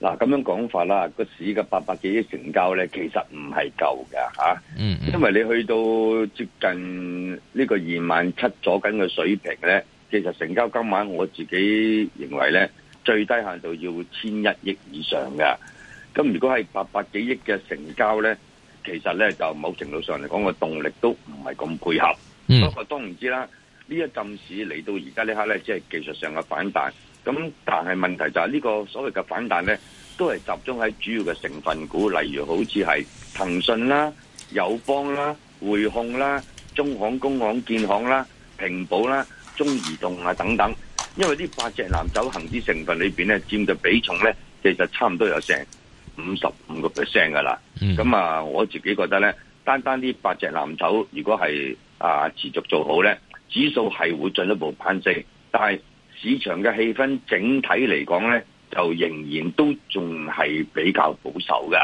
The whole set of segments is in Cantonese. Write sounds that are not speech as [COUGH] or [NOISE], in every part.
嗱咁樣講法啦，個市嘅八百幾億成交咧，其實唔係夠㗎。吓，嗯，因為你去到接近呢個二萬七左緊嘅水平咧，其實成交今晚我自己認為咧，最低限度要千一億以上嘅。咁如果係八百幾億嘅成交咧，其實咧就某程度上嚟講個動力都唔係咁配合。嗯，不過當然知啦，呢一陣市嚟到而家呢刻咧，即係技術上嘅反彈。咁但係問題就係、是、呢、這個所謂嘅反彈呢，都係集中喺主要嘅成分股，例如好似係騰訊啦、友邦啦、匯控啦、中行、工行、建行啦、平保啦、中移動啊等等。因為呢八隻藍走行啲成分裏面呢佔嘅比重呢，其實差唔多有成五十五個 percent 噶啦。咁、嗯、啊，我自己覺得呢，單單呢八隻藍籌，如果係啊持續做好呢，指數係會進一步攀升，但係。市場嘅氣氛整體嚟講咧，就仍然都仲係比較保守嘅。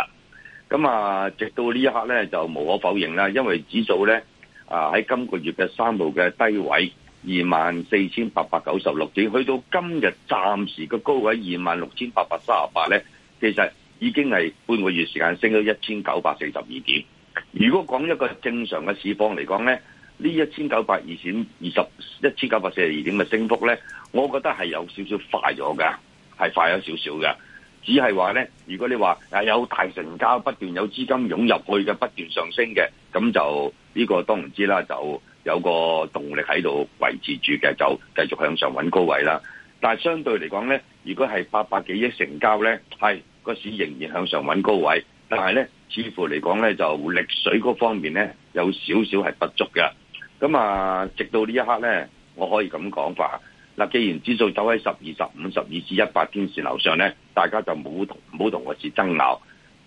咁啊，直到呢一刻咧，就無可否認啦。因為指數咧啊，喺今個月嘅三號嘅低位二萬四千八百九十六點，去到今日暫時嘅高位二萬六千八百三十八咧，其實已經係半個月時間升咗一千九百四十二點。如果講一個正常嘅市況嚟講咧，呢一千九百二點二十一千九百四十二點嘅升幅咧，我覺得係有少少快咗嘅，係快咗少少嘅。只係話呢，如果你話有大成交，不斷有資金湧入去嘅，不斷上升嘅，咁就呢個當然知啦，就有個動力喺度維持住嘅，就繼續向上揾高位啦。但係相對嚟講呢，如果係八百幾億成交呢，係個市仍然向上揾高位，但係呢，似乎嚟講呢，就力水嗰方面呢，有少少係不足嘅。咁啊，直到呢一刻呢，我可以咁講法。嗱，既然指數走喺十二、十五、十二至一百天線樓上咧，大家就唔好同我哋爭拗。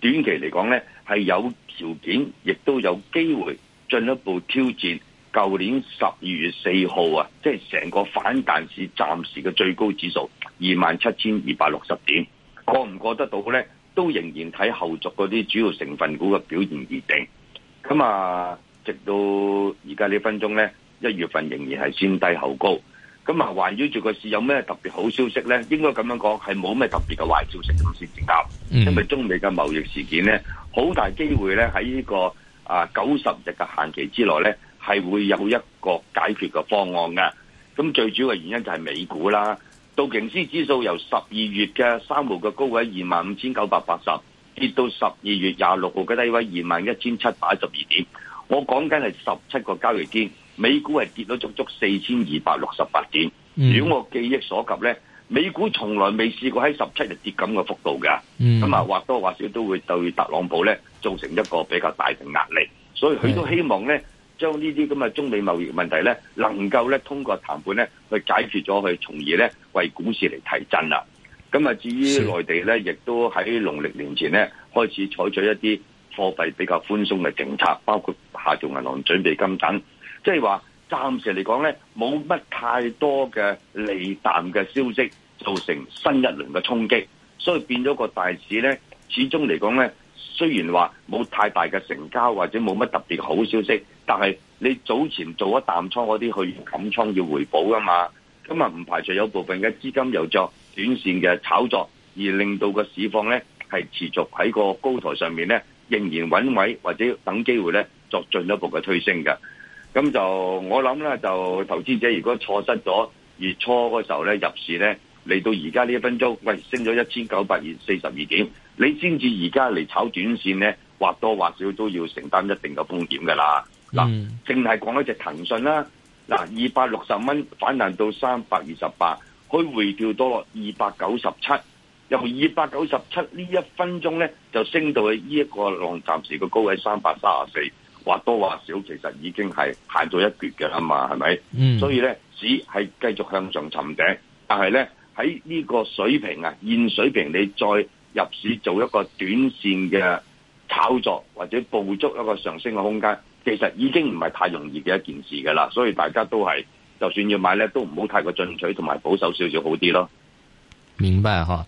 短期嚟講咧，係有條件，亦都有機會進一步挑戰舊年十二月四號啊，即係成個反彈市暫時嘅最高指數二萬七千二百六十點。過唔過得到咧，都仍然睇後續嗰啲主要成分股嘅表現而定。咁啊，直到而家呢分鐘咧，一月份仍然係先低後高。咁啊，圍繞住個市有咩特別好消息咧？應該咁樣講，係冇咩特別嘅壞消息咁先至搞，因為中美嘅貿易事件咧，好大機會咧喺呢個啊九十日嘅限期之內咧，係會有一個解決嘅方案㗎。咁最主要嘅原因就係美股啦，道瓊斯指數由十二月嘅三號嘅高位二萬五千九百八十，跌到十二月廿六號嘅低位二萬一千七百十二點。我講緊係十七個交易天。美股係跌到足足四千二百六十八點，如果我記憶所及咧，美股從來未試過喺十七日跌咁嘅幅度㗎，嗯，咁啊或多或少都會對特朗普咧造成一個比較大嘅壓力，所以佢都希望咧將呢啲咁嘅中美貿易問題咧能夠咧通過談判咧去解決咗，去從而咧為股市嚟提振啦。咁啊，至於內地咧，亦都喺農曆年前咧開始採取一啲貨幣比較寬鬆嘅政策，包括下調銀行準備金等。即係話，暫時嚟講咧，冇乜太多嘅利淡嘅消息造成新一輪嘅衝擊，所以變咗個大市咧，始終嚟講咧，雖然話冇太大嘅成交或者冇乜特別好消息，但係你早前做咗淡倉嗰啲去冚倉要回補噶嘛，咁啊唔排除有部分嘅資金又作短線嘅炒作，而令到個市況咧係持續喺個高台上面咧仍然穩位或者等機會咧作進一步嘅推升嘅。咁就我諗咧，就投資者如果錯失咗月初嗰時候咧入市咧，嚟到而家呢一分鐘，喂升咗一千九百四十二點，你先至而家嚟炒短線咧，或多或少都要承擔一定嘅風險噶、嗯、啦。嗱，淨係講一隻騰訊啦，嗱二百六十蚊反彈到三百二十八，去回調落二百九十七，由二百九十七呢一分鐘咧就升到去呢一個浪暫時嘅高位三百三十四。或多或少，其實已經係行咗一橛嘅啦嘛，係咪、嗯？所以咧，只係繼續向上尋頂，但係咧喺呢個水平啊，現水平你再入市做一個短綫嘅炒作或者捕捉一個上升嘅空間，其實已經唔係太容易嘅一件事噶啦，所以大家都係就算要買咧，都唔好太過進取，同埋保守少少好啲咯。明白哈、啊。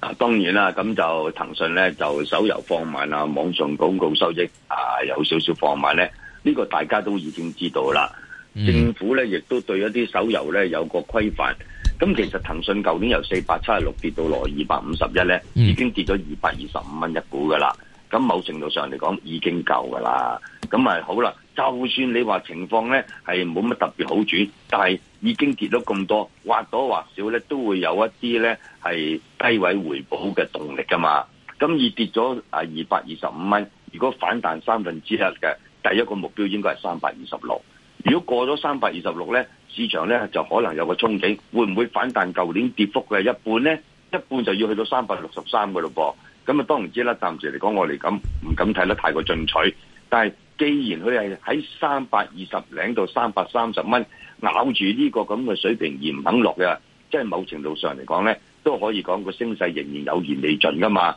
嗱，當然啦，咁就騰訊咧就手遊放慢啦，網上廣告收益啊有少少放慢咧，呢個大家都已經知道啦。政府咧亦都對一啲手遊咧有個規範，咁其實騰訊舊年由四百七十六跌到落二百五十一咧，已經跌咗二百二十五蚊一股噶啦。咁某程度上嚟講已經夠噶啦，咁咪好啦。就算你話情況咧係冇乜特別好轉，但係已經跌到咁多，或多或少咧都會有一啲咧係低位回補嘅動力噶嘛。咁而跌咗啊二百二十五蚊，如果反彈三分之一嘅第一個目標應該係三百二十六。如果過咗三百二十六咧，市場咧就可能有個憧憬，會唔會反彈舊年跌幅嘅一半咧？一半就要去到三百六十三噶咯噃。咁啊，當然知啦。暫時嚟講，我哋咁唔敢睇得太過進取。但係，既然佢係喺三百二十零到三百三十蚊咬住呢個咁嘅水平而唔肯落嘅，即係某程度上嚟講咧，都可以講個升勢仍然有言未盡噶嘛。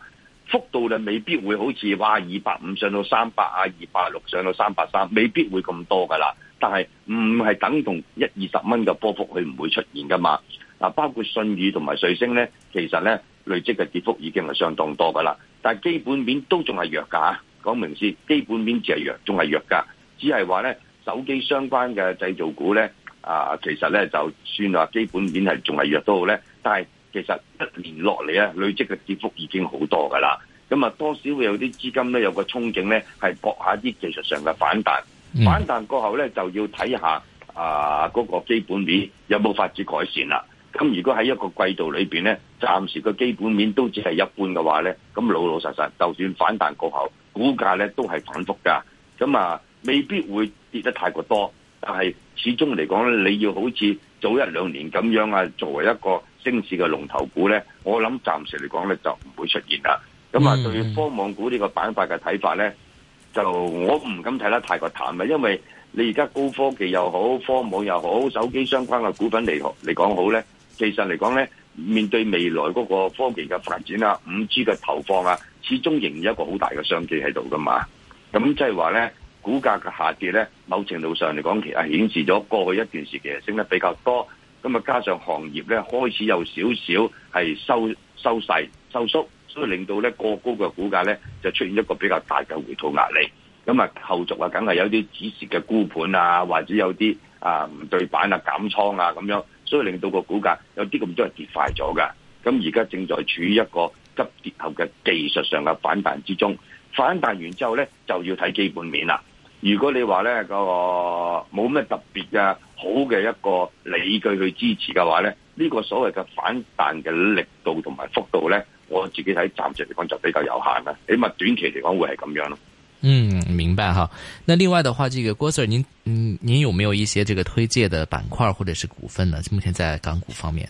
幅度就未必會好似話二百五上到三百啊，二百六上到三百三，未必會咁多噶啦。但係唔係等同一二十蚊嘅波幅，佢唔會出現噶嘛。嗱，包括信譽同埋瑞星咧，其實咧。累積嘅跌幅已經係相當多噶啦，但係基本面都仲係弱㗎。講明先，基本面只係弱，仲係弱㗎。只係話咧，手機相關嘅製造股咧，啊、呃，其實咧就算話基本面係仲係弱都好咧，但係其實一年落嚟咧累積嘅跌幅已經好多噶啦。咁啊，多少會有啲資金咧有個憧憬咧，係搏下啲技術上嘅反彈，嗯。反彈過後咧，就要睇下啊嗰、呃那個基本面有冇發展改善啦。咁如果喺一個季度裏邊咧，暫時個基本面都只係一般嘅話咧，咁老老實實，就算反彈過後，股價咧都係反覆噶。咁啊，未必會跌得太過多，但係始終嚟講咧，你要好似早一兩年咁樣啊，作為一個升市嘅龍頭股咧，我諗暫時嚟講咧就唔會出現啦。咁啊，對科網股呢個板塊嘅睇法咧，就我唔敢睇得太過淡啊，因為你而家高科技又好，科網又好，手機相關嘅股份嚟嚟講好咧。其實嚟講咧，面對未來嗰個科技嘅發展啊，五 G 嘅投放啊，始終仍然有一個好大嘅商機喺度噶嘛。咁即係話咧，股價嘅下跌咧，某程度上嚟講，其實顯示咗過去一段時期升得比較多。咁啊，加上行業咧開始有少少係收收細收縮，所以令到咧過高嘅股價咧就出現一個比較大嘅回吐壓力。咁啊，後續啊，梗係有啲止蝕嘅沽盤啊，或者有啲啊唔對板啊減倉啊咁樣。所以令到個股價有啲咁多係跌快咗㗎。咁而家正在處於一個急跌後嘅技術上嘅反彈之中。反彈完之後咧，就要睇基本面啦。如果你話咧個冇咩特別嘅好嘅一個理據去支持嘅話咧，呢個所謂嘅反彈嘅力度同埋幅度咧，我自己喺暫時嚟講就比較有限啦。起碼短期嚟講會係咁樣咯。嗯，明白哈。那另外的話，這個郭 Sir，您嗯，您有沒有一些這個推介的板塊或者是股份呢？目前在港股方面，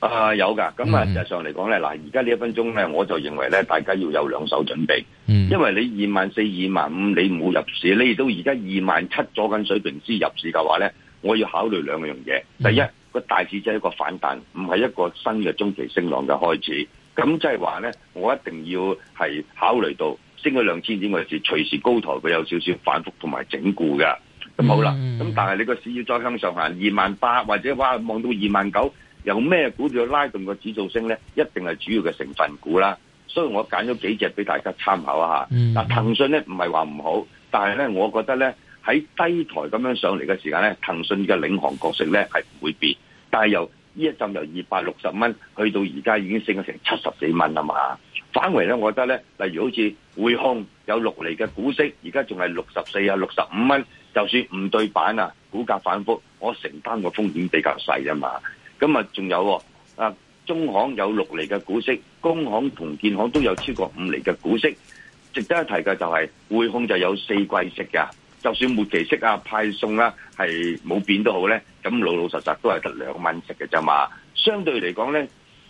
啊、呃、有噶。咁啊，實際上嚟講呢，嗱，而家呢一分鐘呢，我就認為呢，大家要有兩手準備。嗯，因為你二萬四、二萬五，你唔好入市，你到而家二萬七咗緊水平先入市嘅話呢，我要考慮兩樣嘢。第一，個大市就係一個反彈，唔係一個新嘅中期升浪嘅開始。咁即係話呢，我一定要係考慮到。升咗兩千點嗰陣時，隨時高台佢有少少反覆同埋整固嘅，咁好啦。咁但係你個市要再向上行，二萬八或者話望到二萬九，由咩股票去拉動個指數升咧？一定係主要嘅成分股啦。所以我揀咗幾隻俾大家參考一下。嗱、嗯嗯嗯，騰訊咧唔係話唔好，但係咧我覺得咧喺低台咁樣上嚟嘅時間咧，騰訊嘅領航角色咧係唔會變，但係又。呢一浸由二百六十蚊去到而家已經升咗成七十四蚊啊嘛，返回咧，我覺得咧，例如好似匯控有六厘嘅股息，而家仲係六十四啊六十五蚊，就算唔對版啊，股價反覆，我承擔個風險比較細啊嘛。咁啊，仲有啊，中行有六厘嘅股息，工行同建行都有超過五厘嘅股息，值得一提嘅就係、是、匯控就有四季息噶。就算末期息啊派送啊係冇變都好咧，咁老老實實都係得兩蚊值嘅咋嘛？相對嚟講咧，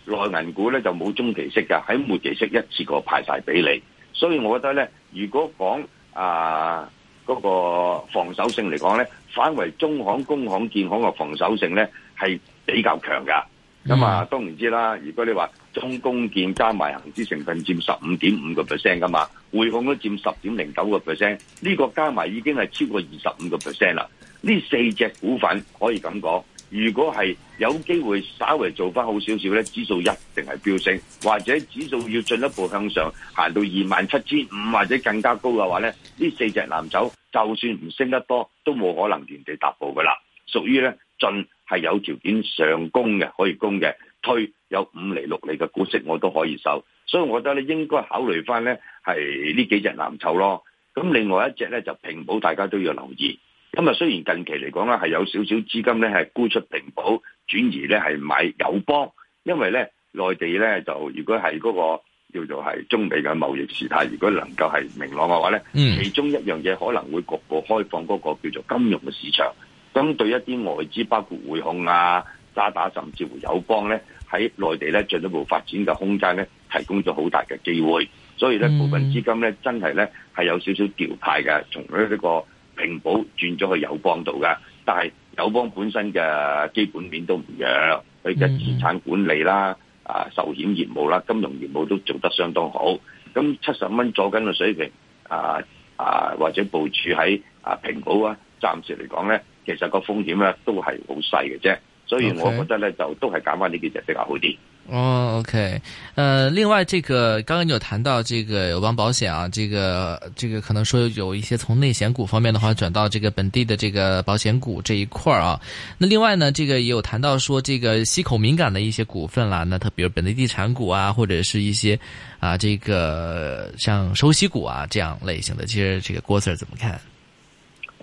內銀股咧就冇中期息噶，喺末期息一次過派晒俾你，所以我覺得咧，如果講啊嗰個防守性嚟講咧，反為中行、工行、建行嘅防守性咧係比較強噶。咁、嗯、啊，當然知啦。如果你話中工建加埋恆指成分佔十五點五個 percent 噶嘛，匯控都佔十點零九個 percent，呢個加埋已經係超過二十五個 percent 啦。呢四隻股份可以咁講，如果係有機會稍微做翻好少少咧，指數一定係飆升，或者指數要進一步向上行到二萬七千五或者更加高嘅話咧，呢四隻藍籌就算唔升得多，都冇可能原地踏步噶啦，屬於咧進，盡係有條件上攻嘅，可以攻嘅，推有五厘六厘嘅股息，我都可以收。所以我覺得咧，應該考慮翻咧，係呢幾隻藍籌咯。咁另外一隻咧，就平保，大家都要留意。咁啊，雖然近期嚟講咧，係有少少資金咧，係沽出平保，轉移咧係買友邦。因為咧，內地咧就如果係嗰、那個叫做係中美嘅貿易事態，如果能夠係明朗嘅話咧、嗯，其中一樣嘢可能會局部開放嗰個叫做金融嘅市場。咁對一啲外資，包括匯控啊、渣打，甚至乎友邦咧，喺內地咧進一步發展嘅空間咧，提供咗好大嘅機會。所以咧，部分資金咧，真係咧係有少少調派嘅，從呢一個平保轉咗去友邦度嘅。但係友邦本身嘅基本面都唔弱，佢嘅資產管理啦、啊、呃、壽險業務啦、金融業務都做得相當好。咁七十蚊左緊嘅水平，啊、呃、啊、呃、或者部署喺啊、呃、平保啊。暫時嚟講呢，其實個風險呢都係好細嘅啫，所以我覺得呢，okay. 就都係揀翻呢幾隻比較好啲。哦、oh,，OK，誒、呃，另外這個剛剛你有談到這個友邦保險啊，這個這個可能說有一些從內險股方面的話轉到這個本地的這個保險股這一塊啊，那另外呢，這個也有談到說這個息口敏感的一些股份啦、啊，那特比如本地地產股啊，或者是一些啊，這個像收息股啊這樣類型的，其實這個郭 Sir 怎麼看？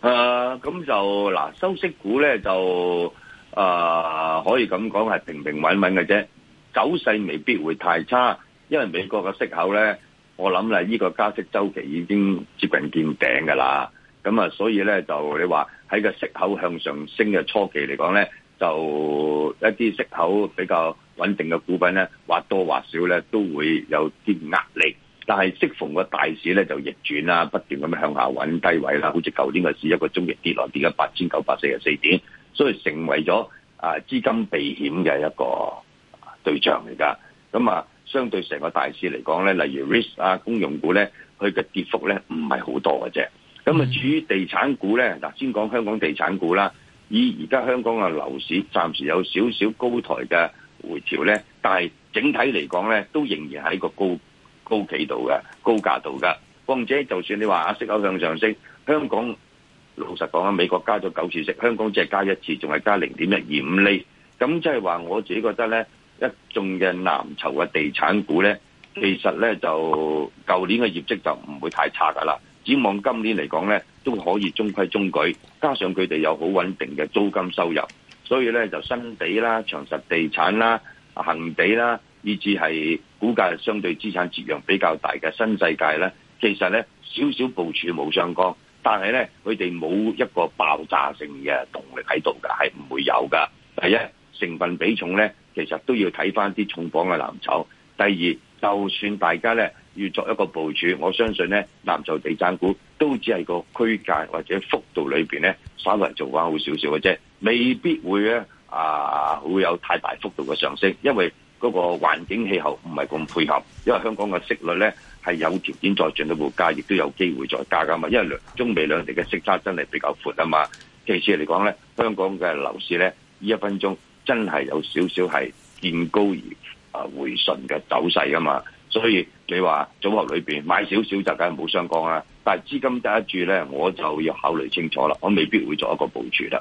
誒、啊，咁就嗱，收息股咧就誒、啊，可以咁講係平平穩穩嘅啫，走勢未必會太差，因為美國嘅息口咧，我諗啦，呢個加息周期已經接近見頂噶啦，咁啊，所以咧就你話喺個息口向上升嘅初期嚟講咧，就一啲息口比較穩定嘅股份咧，或多或少咧都會有啲壓力。但係，適逢個大市咧就逆轉啦，不斷咁向下揾低位啦，好似舊年嘅市一個中型跌落，跌咗八千九百四十四點，所以成為咗啊資金避險嘅一個對象嚟噶。咁啊，相對成個大市嚟講咧，例如 risk 啊公用股咧，佢嘅跌幅咧唔係好多嘅啫。咁啊，至於地產股咧，嗱先講香港地產股啦，以而家香港嘅樓市暫時有少少高台嘅回調咧，但係整體嚟講咧都仍然係一個高。高企度嘅高價度噶，況且就算你話啊息口向上升，香港老實講啊，美國加咗九次息，香港只係加一次，仲係加零點一二五厘，咁即係話我自己覺得呢一眾嘅藍籌嘅地產股呢，其實呢就舊年嘅業績就唔會太差噶啦，展望今年嚟講呢，都可以中規中矩，加上佢哋有好穩定嘅租金收入，所以呢就新地啦、長實地產啦、恒地啦。以至係股價相對資產折讓比較大嘅新世界呢，其實呢少少部署冇相干，但係呢，佢哋冇一個爆炸性嘅動力喺度嘅，係唔會有嘅。第一成分比重呢，其實都要睇翻啲重磅嘅藍籌。第二，就算大家呢要作一個部署，我相信呢藍籌地產股都只係個區間或者幅度裏面呢稍微做翻好少少嘅啫，未必會呢啊會有太大幅度嘅上升，因為。嗰、那個環境氣候唔係咁配合，因為香港嘅息率咧係有條件再進一步加，亦都有機會再加噶嘛。因為中美兩地嘅息差真係比較闊啊嘛。其次嚟講咧，香港嘅樓市咧，呢一分鐘真係有少少係見高而啊回順嘅走勢啊嘛。所以你話組合裏面買少少就梗係冇相干啦。但係資金第一注咧，我就要考慮清楚啦。我未必會作一個部署啦。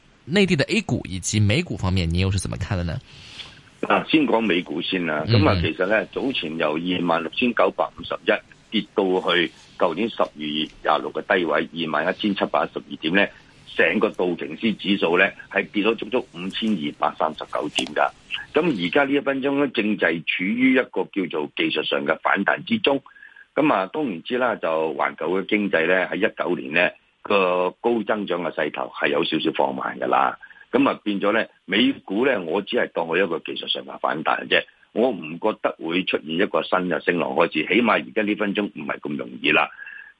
內地的 A 股以及美股方面，你又是怎麼看的呢？先講美股先啦，咁啊、嗯，其實咧，早前由二萬六千九百五十一跌到去舊年十二月廿六嘅低位二萬一千七百一十二點咧，成個道瓊斯指數咧係跌咗足足五千二百三十九點噶。咁而家呢一分鐘咧正值處於一個叫做技術上嘅反彈之中。咁啊，當然之啦，就環球嘅經濟咧喺一九年咧，個高增長嘅勢頭係有少少放慢噶啦，咁啊變咗咧，美股咧我只係當佢一個技術上嘅反彈啫，我唔覺得會出現一個新嘅升浪開始，起碼而家呢分鐘唔係咁容易啦。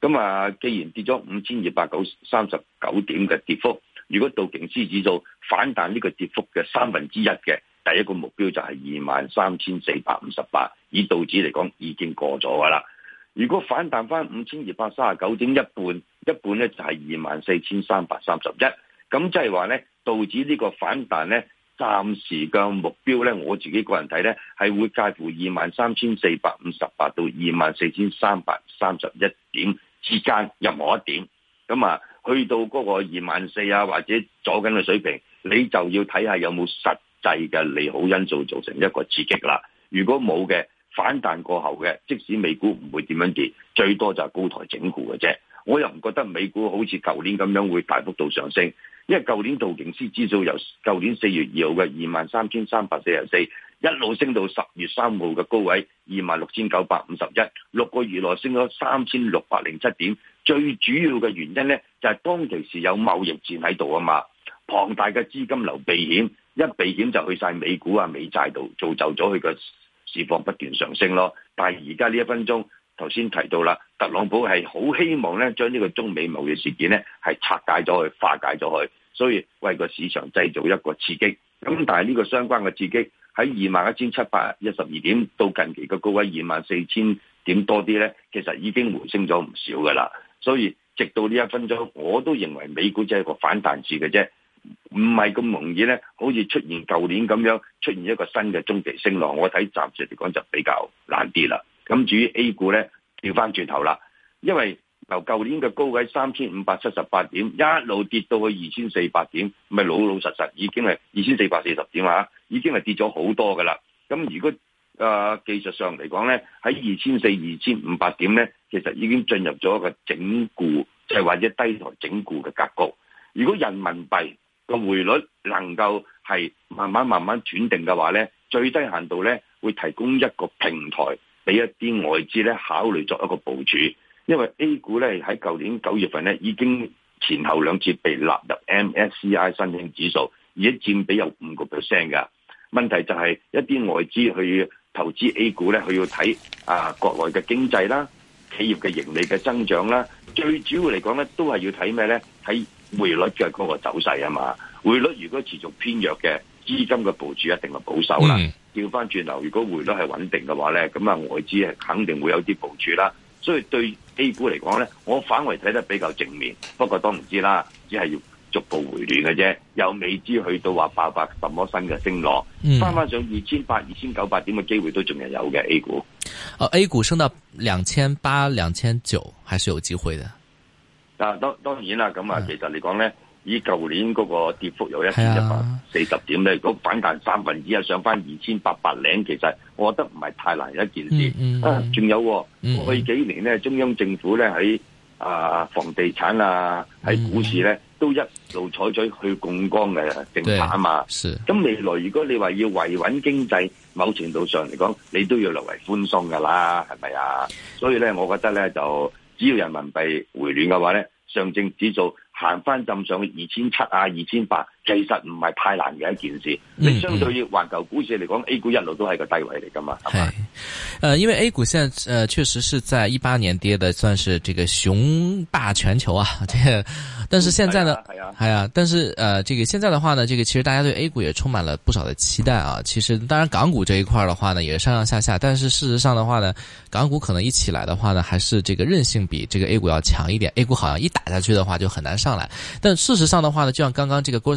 咁啊，既然跌咗五千二百三十九點嘅跌幅，如果道瓊斯指數反彈呢個跌幅嘅三分之一嘅，第一個目標就係二萬三千四百五十八，以道指嚟講已經過咗噶啦。如果反彈返五千二百三十九點一半，一半咧就係二萬四千三百三十一，咁即係話咧，道指呢個反彈咧，暫時嘅目標咧，我自己個人睇咧，係會介乎二萬三千四百五十八到二萬四千三百三十一點之間任何一點，咁啊，去到嗰個二萬四啊或者阻緊嘅水平，你就要睇下有冇實際嘅利好因素造成一個刺激啦。如果冇嘅，反彈過後嘅，即使美股唔會點樣跌，最多就係高台整固嘅啫。我又唔覺得美股好似舊年咁樣會大幅度上升，因為舊年道瓊斯指數由舊年四月二號嘅二萬三千三百四十四一路升到十月三號嘅高位二萬六千九百五十一，六個月內升咗三千六百零七點。最主要嘅原因呢，就係、是、當其時有貿易戰喺度啊嘛，龐大嘅資金流避險，一避險就去晒美股啊美債度，造就咗佢嘅。市況不斷上升咯，但係而家呢一分鐘，頭先提到啦，特朗普係好希望咧，將呢個中美貿易事件咧係拆解咗去、化解咗去，所以為個市場製造一個刺激。咁但係呢個相關嘅刺激喺二萬一千七百一十二點到近期嘅高位二萬四千點多啲咧，其實已經回升咗唔少噶啦。所以直到呢一分鐘，我都認為美股即係一個反彈市嘅啫。唔係咁容易咧，好似出現舊年咁樣出現一個新嘅中期升浪，我睇暫時嚟講就比較難啲啦。咁至於 A 股咧，調翻轉頭啦，因為由舊年嘅高位三千五百七十八點一路跌到去二千四百點，咪老老實實已經係二千四百四十點啦，已經係跌咗好多噶啦。咁如果啊、呃、技術上嚟講咧，喺二千四、二千五百點咧，其實已經進入咗一個整固，就係、是、或者低台整固嘅格局。如果人民幣，個匯率能夠係慢慢慢慢轉定嘅話呢，最低限度呢，會提供一個平台俾一啲外資咧，考慮作一個部署。因為 A 股咧，喺舊年九月份咧，已經前後兩次被納入 MSCI 新興指數，而佔比有五個 percent 噶。問題就係、是、一啲外資去投資 A 股咧，佢要睇啊國內嘅經濟啦、企業嘅盈利嘅增長啦，最主要嚟講呢都係要睇咩呢？睇匯率嘅嗰個走勢啊嘛，匯率如果持續偏弱嘅，資金嘅部署一定係保守啦。調翻轉頭，如果匯率係穩定嘅話咧，咁啊外資係肯定會有啲部署啦。所以對 A 股嚟講咧，我反為睇得比較正面，不過都唔知啦，只係要逐步回暖嘅啫，又未知去到話爆發什麼新嘅升浪，翻、嗯、翻上二千八、二千九百點嘅機會都仲係有嘅 A 股、啊。A 股升到兩千八、兩千九，還是有機會嘅。啊，當當然啦，咁啊，其實嚟講咧，以舊年嗰個跌幅有一千一百四十點咧，咁、啊那個、反彈三分之一啊，上返二千八百零，其實我覺得唔係太難一件事、嗯嗯、啊。仲有、啊嗯，過去幾年咧，中央政府咧喺啊房地產啊，喺股市咧、嗯，都一路採取去槓桿嘅政策啊嘛。咁未來如果你話要維穩經濟，某程度上嚟講，你都要留為寬鬆噶啦，係咪啊？所以咧，我覺得咧就。只要人民幣回暖嘅話咧，上證指數行翻浸上去二千七啊，二千八。其實唔係太難嘅一件事，你相對於環球股市嚟講，A 股一路都係個低位嚟噶嘛？係，因為 A 股現在確實是在一八年跌的，算是這個雄霸全球啊！這但是現在呢，係啊，但是呃這個現在的話呢，這個其實大家對 A 股也充滿了不少的期待啊！其實當然港股這一塊的話呢，也上上下下，但是事實上的話呢，港股可能一起來的話呢，還是這個韌性比這個 A 股要強一點，A 股好像一打下去的話就很難上來，但事實上的話呢，就像剛剛這個郭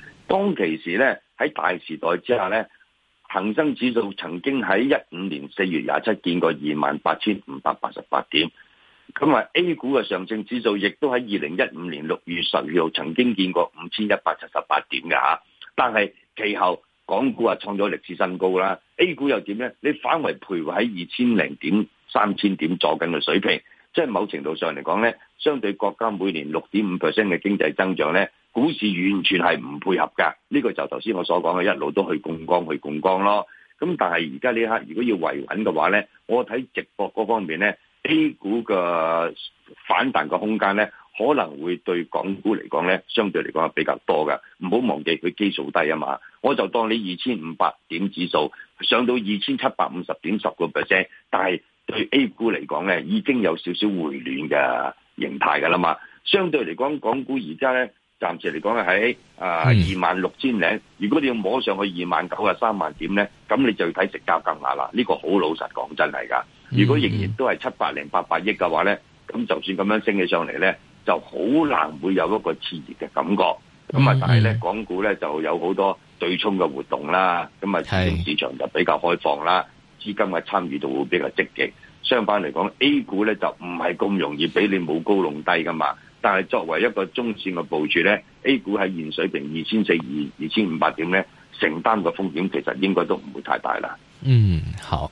當其時咧，喺大時代之下咧，恒生指數曾經喺一五年四月廿七見過二萬八千五百八十八點。咁啊，A 股嘅上證指數亦都喺二零一五年六月十二號曾經見過五千一百七十八點㗎吓。但係其後港股啊創咗歷史新高啦，A 股又點咧？你反為徘徊喺二千零點、三千點坐緊嘅水平，即係某程度上嚟講咧，相對國家每年六點五 percent 嘅經濟增長咧。股市完全係唔配合噶，呢、這個就頭先我所講嘅一路都去槓桿去槓桿咯。咁但係而家呢一刻，如果要維穩嘅話呢，我睇直播嗰方面呢 a 股嘅反彈嘅空間呢，可能會對港股嚟講呢，相對嚟講係比較多嘅。唔好忘記佢基數低啊嘛，我就當你二千五百點指數上到二千七百五十點十個 percent，但係對 A 股嚟講呢，已經有少少回暖嘅形態噶啦嘛。相對嚟講，港股而家呢。暫時嚟講咧喺二萬六千零，如果你要摸上去二萬九啊三萬點咧，咁你就要睇成交金額啦。呢個好老實講真係㗎。如果仍然都係七百零八百億嘅話咧，咁就算咁樣升起上嚟咧，就好難會有一個刺激嘅感覺。咁啊，但係咧，港股咧就有好多對沖嘅活動啦，咁啊，市場就比較開放啦，資金嘅參與度會比較積極。相反嚟講，A 股咧就唔係咁容易俾你舞高弄低㗎嘛。但係作為一個中線嘅部署咧，A 股喺現水平二千四二二千五百點咧，承擔嘅風險其實應該都唔會太大啦。嗯，好。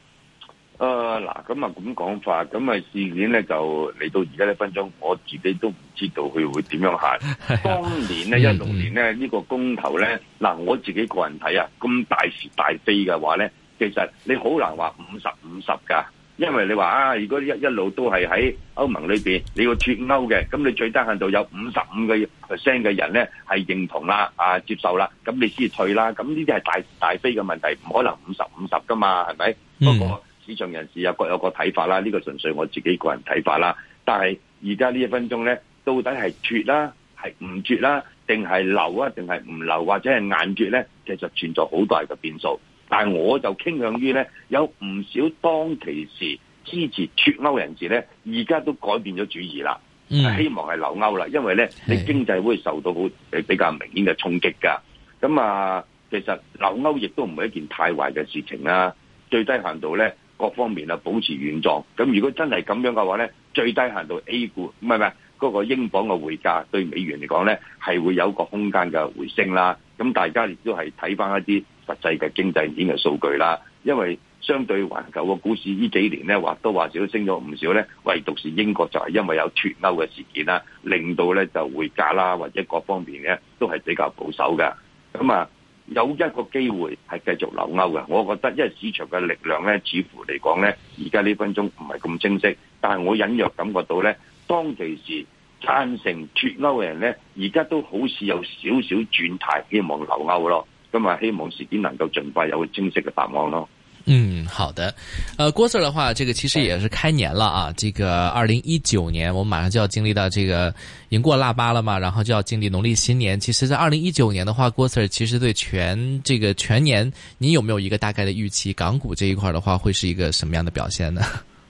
啊嗱，咁啊咁講法，咁啊事件咧就嚟到而家呢分鐘，我自己都唔知道佢會點樣行。 [LAUGHS] 當年咧，一、嗯、六、嗯、年咧，呢、呢個公投咧，嗱、啊、我自己個人睇啊，咁大是大非嘅話咧，其實你好難話五十五十噶，因為你話啊，如果一一路都係喺歐盟裏面，你要脫歐嘅，咁你最低限度有五十五個 percent 嘅人咧係認同啦，啊接受啦，咁你先至退啦，咁呢啲係大大非嘅問題，唔可能五十五十噶嘛，係咪？不、嗯、過。市場人士有各有各睇法啦，呢個純粹我自己個人睇法啦。但係而家呢一分鐘咧，到底係脫啦，係唔脫啦，定係留啊，定係唔留，或者係硬脫咧？其實存在好大嘅變數。但係我就傾向於咧，有唔少當其時支持脫歐人士咧，而家都改變咗主意啦，希望係留歐啦。因為咧，你經濟會受到好比較明顯嘅衝擊噶。咁啊，其實留歐亦都唔係一件太壞嘅事情啦、啊。最低限度咧。各方面啊保持原狀，咁如果真係咁樣嘅話咧，最低限度 A 股唔係唔係嗰個英鎊嘅匯價對美元嚟講咧，係會有個空間嘅回升啦。咁大家亦都係睇翻一啲實際嘅經濟面嘅數據啦。因為相對環球嘅股市呢幾年咧，或多或少都升咗唔少咧。唯獨是英國就係因為有脱歐嘅事件啦，令到咧就匯價啦或者各方面咧都係比較保守嘅。咁啊。有一個機會係繼續留歐嘅，我覺得，因為市場嘅力量咧，似乎嚟講咧，而家呢分鐘唔係咁清晰，但係我隱約感覺到咧，當其時贊成脱歐嘅人咧，而家都好似有少少轉態，希望留歐咯。咁啊，希望事件能夠儘快有個清晰嘅答案咯。嗯，好的。呃，郭 Sir 的話，這個其實也是開年了啊。這個二零一九年，我馬上就要經歷到這個，迎過臘八了嘛，然後就要經歷農曆新年。其實，在二零一九年的話，郭 Sir 其實對全這個全年，你有沒有一個大概的預期？港股這一塊的話，會是一個什麼樣的表現呢？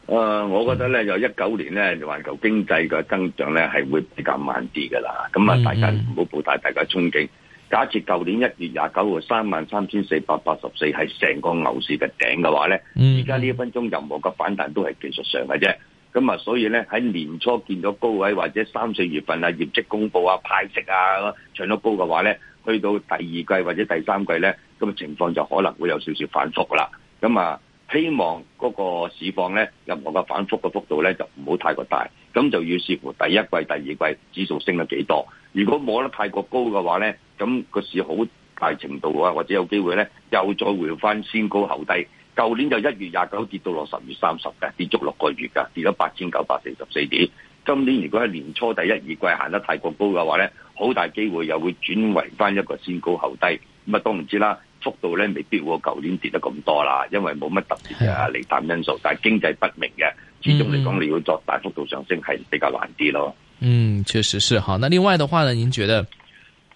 呃，我覺得呢，有一九年呢，環球經濟嘅增長呢係會比較慢啲的啦。咁啊，大家唔好抱太大嘅憧憬。假設舊年一月廿九號三萬三千四百八十四係成個牛市嘅頂嘅話咧，而家呢一分鐘任何個反彈都係技術上嘅啫。咁啊，所以咧喺年初見到高位或者三四月份啊業績公布啊派息啊漲咗高嘅話咧，去到第二季或者第三季咧，咁情況就可能會有少少反覆啦。咁啊，希望嗰個市況咧任何個反覆嘅幅度咧就唔好太過大，咁就要視乎第一季、第二季指數升到幾多。如果摸得太過高嘅話咧，咁、那個市好大程度啊，或者有機會咧，又再回翻先高後低。舊年就一月廿九跌到落十月三十嘅，跌足六個月噶，跌咗八千九百四十四點。今年如果喺年初第一、二季行得太過高嘅話咧，好大機會又會轉為翻一個先高後低。咁啊，都唔知啦，幅度咧未必會舊年跌得咁多啦，因為冇乜特別嘅利淡因素。啊、但係經濟不明嘅，始終嚟講你要作大幅度上升係比較難啲咯。嗯，確、嗯、實是，好，那另外的話呢，您覺得？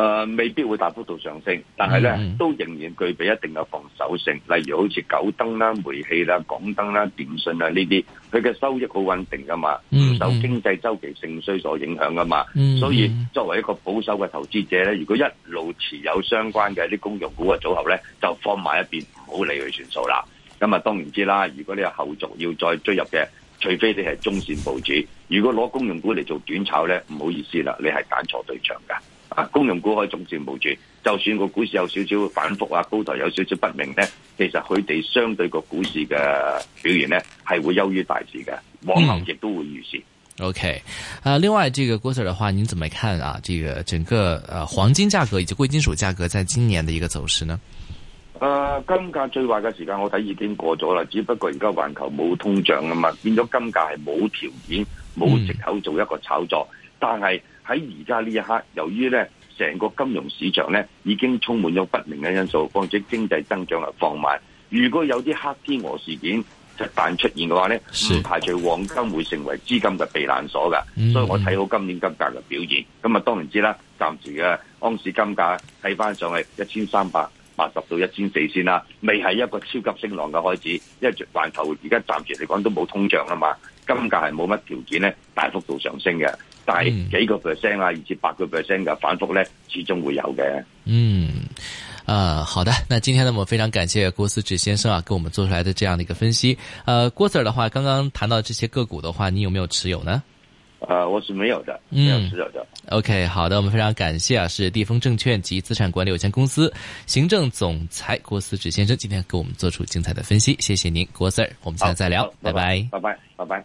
誒、呃，未必會大幅度上升，但係咧、mm -hmm. 都仍然具備一定嘅防守性，例如好似九燈啦、啊、煤氣啦、啊、港燈啦、啊、電信啊呢啲，佢嘅收益好穩定噶嘛，唔、mm -hmm. 受經濟周期盛衰所影響噶嘛，mm -hmm. 所以作為一個保守嘅投資者咧，如果一路持有相關嘅啲公用股嘅組合咧，就放埋一邊，唔好理佢算數啦。咁啊，當然知啦，如果你有後續要再追入嘅，除非你係中線部署，如果攞公用股嚟做短炒咧，唔好意思啦，你係揀錯對場噶。啊，公用股可以總是無存，就算個股市有少少反覆啊，高台有少少不明呢，其實佢哋相對個股市嘅表現呢，係會優於大市嘅，往後亦都會如是、嗯。OK，啊，另外，這個郭 Sir 嘅話，您怎麼看啊？這個整個誒、啊、黃金價格以及貴金屬價格在今年的一個走勢呢？誒、啊，金價最壞嘅時間我睇已經過咗啦，只不過而家環球冇通脹啊嘛，變咗金價係冇條件冇借口做一個炒作，嗯、但係。喺而家呢一刻，由於咧成個金融市場咧已經充滿咗不明嘅因素，況且經濟增長率放慢。如果有啲黑天鵝事件一旦出現嘅話咧，唔排除黃金會成為資金嘅避難所㗎。所以我睇好今年金價嘅表現。咁啊，當然知啦。暫時嘅安士金價睇翻上去一千三百八十到一千四先啦，未係一個超級升浪嘅開始。因為環球而家暫時嚟講都冇通脹啊嘛，金價係冇乜條件咧大幅度上升嘅。大幾個 percent 啊，甚至八個 percent 嘅反覆呢，始終會有嘅。嗯，啊、呃，好的，那今天呢，我們非常感謝郭思治先生啊，給我們做出來的這樣的一個分析。呃，郭 Sir 的話，剛剛談到這些個股的話，你有沒有持有呢？啊、呃，我是沒有的，沒有持有的、嗯。OK，好的，我們非常感謝啊，是地方證券及資產管理有限公司行政總裁郭思治先生，今天給我們做出精彩的分析，謝謝您，郭 Sir。我們下次再聊，拜，拜，拜拜，拜拜。拜拜。